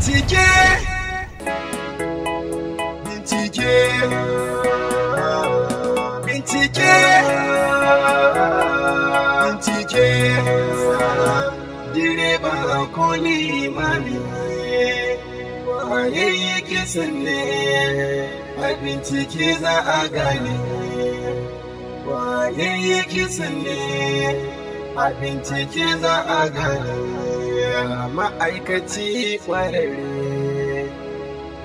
bincike bincike bincike bincike direba a koli imani waye yake sanne a bincike za a gane waye yake sanne a bincike za a gane ma'aikaci kwararre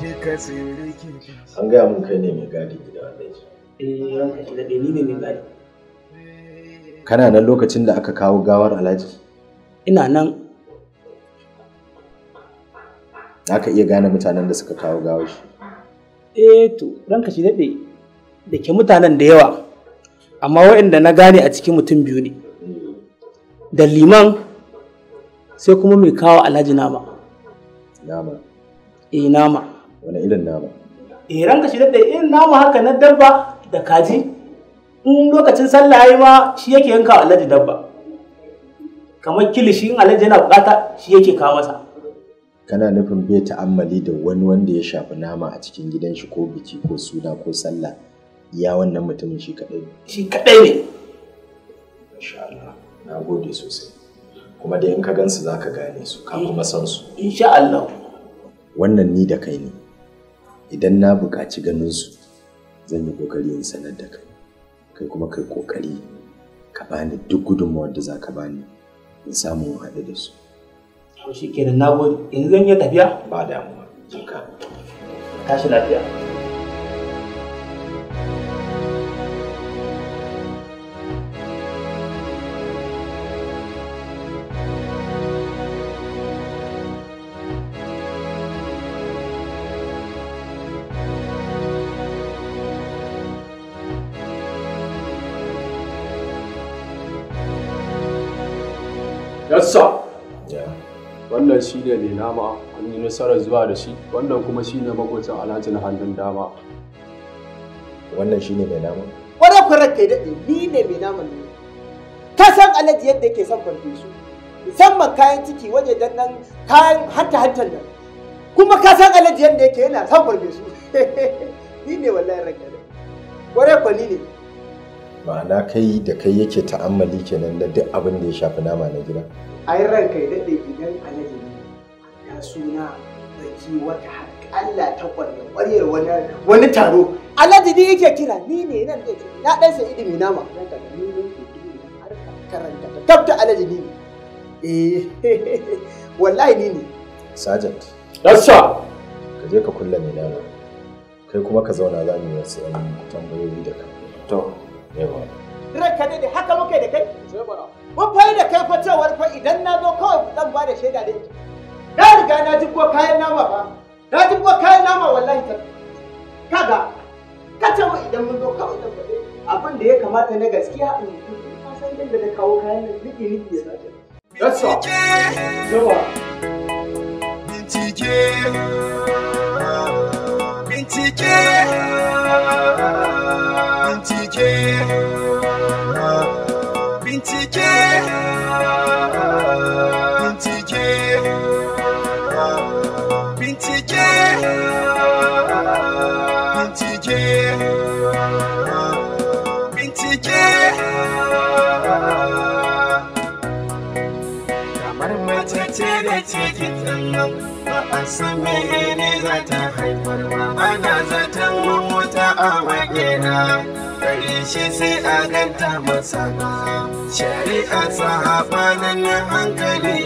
duka sirrikin an gaya mun kai ne mai gadi gida wannan eh ranka ina ne mai gadi kana nan lokacin da aka kawo gawar alhaji ina nan aka iya gane mutanen da suka kawo gawar shi eh to ranka shi daɗe da ke mutanen da yawa amma waɗanda na gane a cikin mutum biyu ne da liman sai kuma mai kawo alhaji nama nama eh nama wani irin nama eh ranka shi da irin nama haka na dabba da kaji in lokacin sallah yayi ma shi yake yanka alhaji dabba kamar kilishi in alhaji yana bukata shi yake kawo masa kana nufin bai ta'ammali da wani wanda ya shafi nama a cikin gidan shi ko biki ko suna ko sallah ya wannan mutumin shi kaɗai ne shi kaɗai ne masha Allah na gode sosai kuma da in ka gansu za ka gane su ka kuma eh, san su insha Allah wannan ni da kai ne idan na buƙaci ganin su zan yi kokari in sanar da kai kai kuma kai kokari ka bani duk gudunmawar da za ka bani in samu haɗu da su to kenan na gode in zan yi tafiya ba damuwa Ka tashi lafiya rassa wannan shi ne mai nama an yi nasarar zuwa da shi wannan kuma shi ne makocin alhaji hannun dama wannan shi ne mai nama wadda kwarar kai daɗe ni ne mai nama ne ka san alhaji yadda yake son farfesu musamman kayan ciki wajejen nan kayan hanta hantar nan kuma ka san alhaji yadda yake yana son farfesu ni ne wallahi ranka ne wadda kwa ni ne ma'ana kai da kai yake ta'ammali kenan da duk abin da ya shafi nama na gida ai ran kai daɗe idan alaji ne ya suna baki wata Allah ta kwarya kwaryar wani wani taro alaji ne yake kira ni ne nan ne, na dan sai ilimi nama ranka da ni ne karanta ta tabta alaji ne eh wallahi ni ne sergeant yes ka je ka kulle ne nama kai kuma ka zauna za mu yi wasu tambayoyi da ka to ranka ne da haka muke da kai mun fai da kai fa cewar fa idan na zo kawai zan ba da shaida da ita. na riga na jibgo kayan nama ba na jibgo kayan nama wallahi ta kaga ka ce mu idan mun zo kawai zan faɗi abin da ya kamata na gaskiya in ka san yadda na kawo kayan nan niki niki ya sace that's all yawa bincike bincike cikin nan ba a san menene za ta haifar ba ana zaton mota a wagena gare shi sai a ganta masana shari'a sahaba nan hankali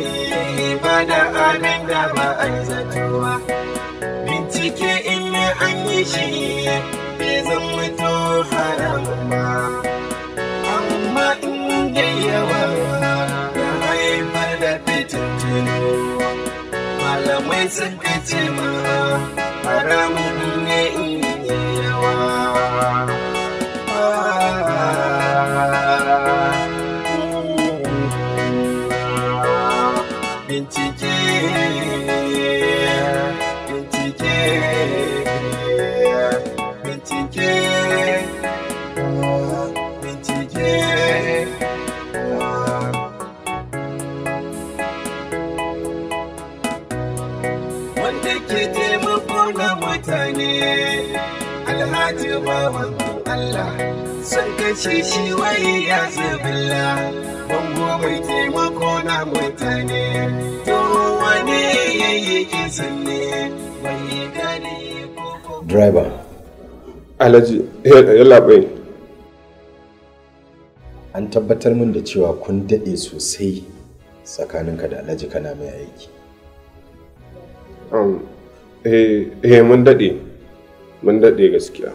ba da abin da ba a yi zatowa bincike in an yi shi bai zan mutu haramun ba amma in yawa san kace ma haramun ne ce shi wai ya zubilla bango bai taimako na mutane to wani yayi yayyakin sanne bai gane driver alhaji yalabai an tabbatar min da cewa kun daɗe sosai tsakaninka da alhaji kana mai aiki um, eh, eh mun daɗe mun daɗe gaskiya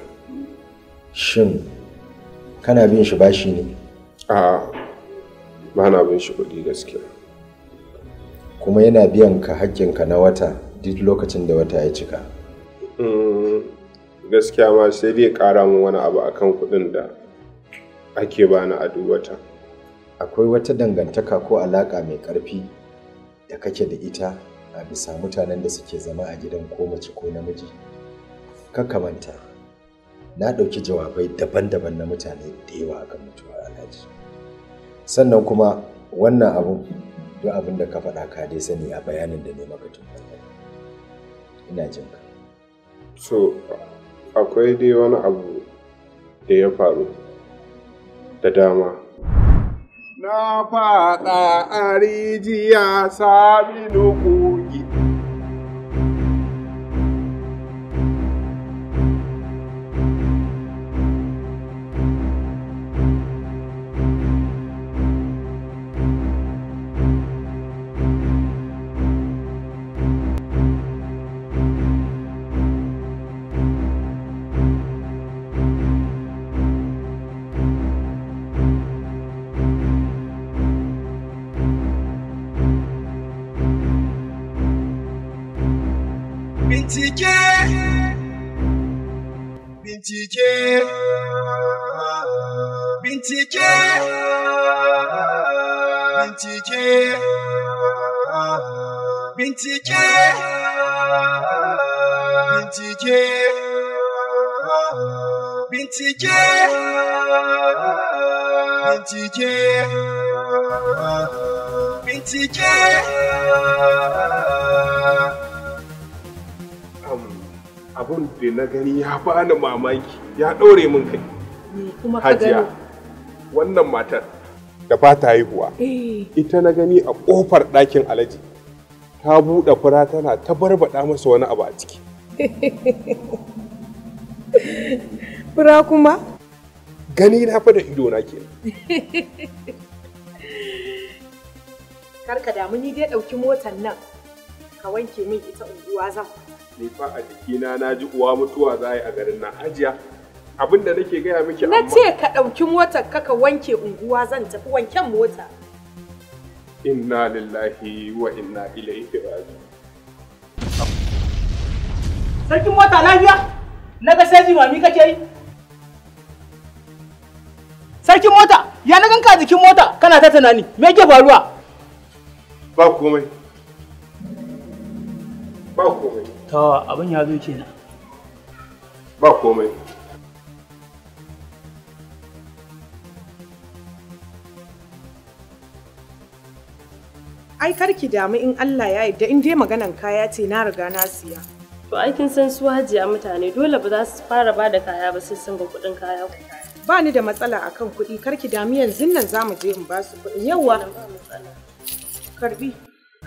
shin kana bin shi bashi ne a ba na bin shi kuɗi gaskiya kuma yana biyan ka hakkinka na wata duk lokacin da wata ya cika mm, gaskiya ma sai dai ƙara min wani abu akan kuɗin da ake bani a duk wata akwai wata dangantaka ko alaƙa mai ƙarfi da kake da ita a bisa mutanen da suke zama a gidan ko mace ko namiji ka kamanta na ɗauki jawabai daban-daban na mutane da yawa akan mutuwar alhaji sannan kuma wannan abun duk abin da ka faɗa ka dai sani a bayanin da ne maka tun ina jin ka so akwai dai wani abu da ya faru da dama na faɗa a rijiya sami kogi bincike bincike bincike bincike bincike bincike bincike bincike bincike abun da na gani ya bani mamaki ya ɗaure min kai hajiya wannan matar da ba ta haihuwa eh. ita na gani a ƙofar ɗakin alaji ta buɗe fura tana ta barbaɗa masa wani abu a ciki fura kuma gani na fa da ido na ke karka damu ni dai ɗauki motar nan ka wanke min ita unguwa zan ni fa a jikina na ji uwa mutuwa za a garin na, hajiya abin da nake gaya miki na ce ka ɗauki motar kaka wanke unguwa zan tafi wanken mota inna lillahi wa inna ilaihi raji sarkin mota lafiya na ga sai mi kake yi sarkin mota ya na ganka jikin mota kana ta tunani me yake faruwa ba komai ba komai tawa abin ya zo kenan ba komai ai karki damu in Allah ya yarda in dai maganan kaya ce na riga na siya to ai kin san su hajiya mutane dole ba za su fara ba da kaya ba sai sun ga kuɗin kaya ba ni da matsala akan kuɗi karki damu yanzu nan za mu je in ba su kuɗi yawa karbi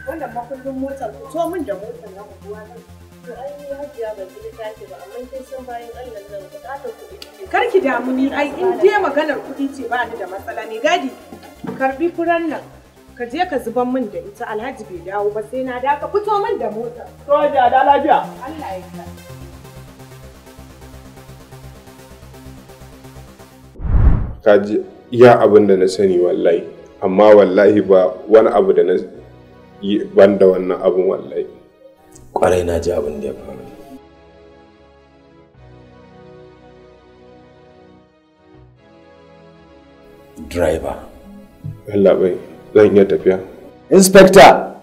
wannan makullin motar ku to min da motar na kuwa nan To ai ni hajiya ban ji tashi ba amma sai san bayan Allah zan bukatar kuɗi. Kar ki damu ni ai in je maganar kuɗi ce ba ni da matsala ne gadi karbi furan nan. Ka je ka zuban min da ita Alhaji bai dawo ba sai na da ka fito min da mota. To da lafiya. Allah ya sa. Ka ji iya abin da na sani wallahi amma wallahi ba wani abu da na yi ban da wannan abin wallahi kwarai na ji abin da ya faru driver Allah bai zan iya tafiya inspector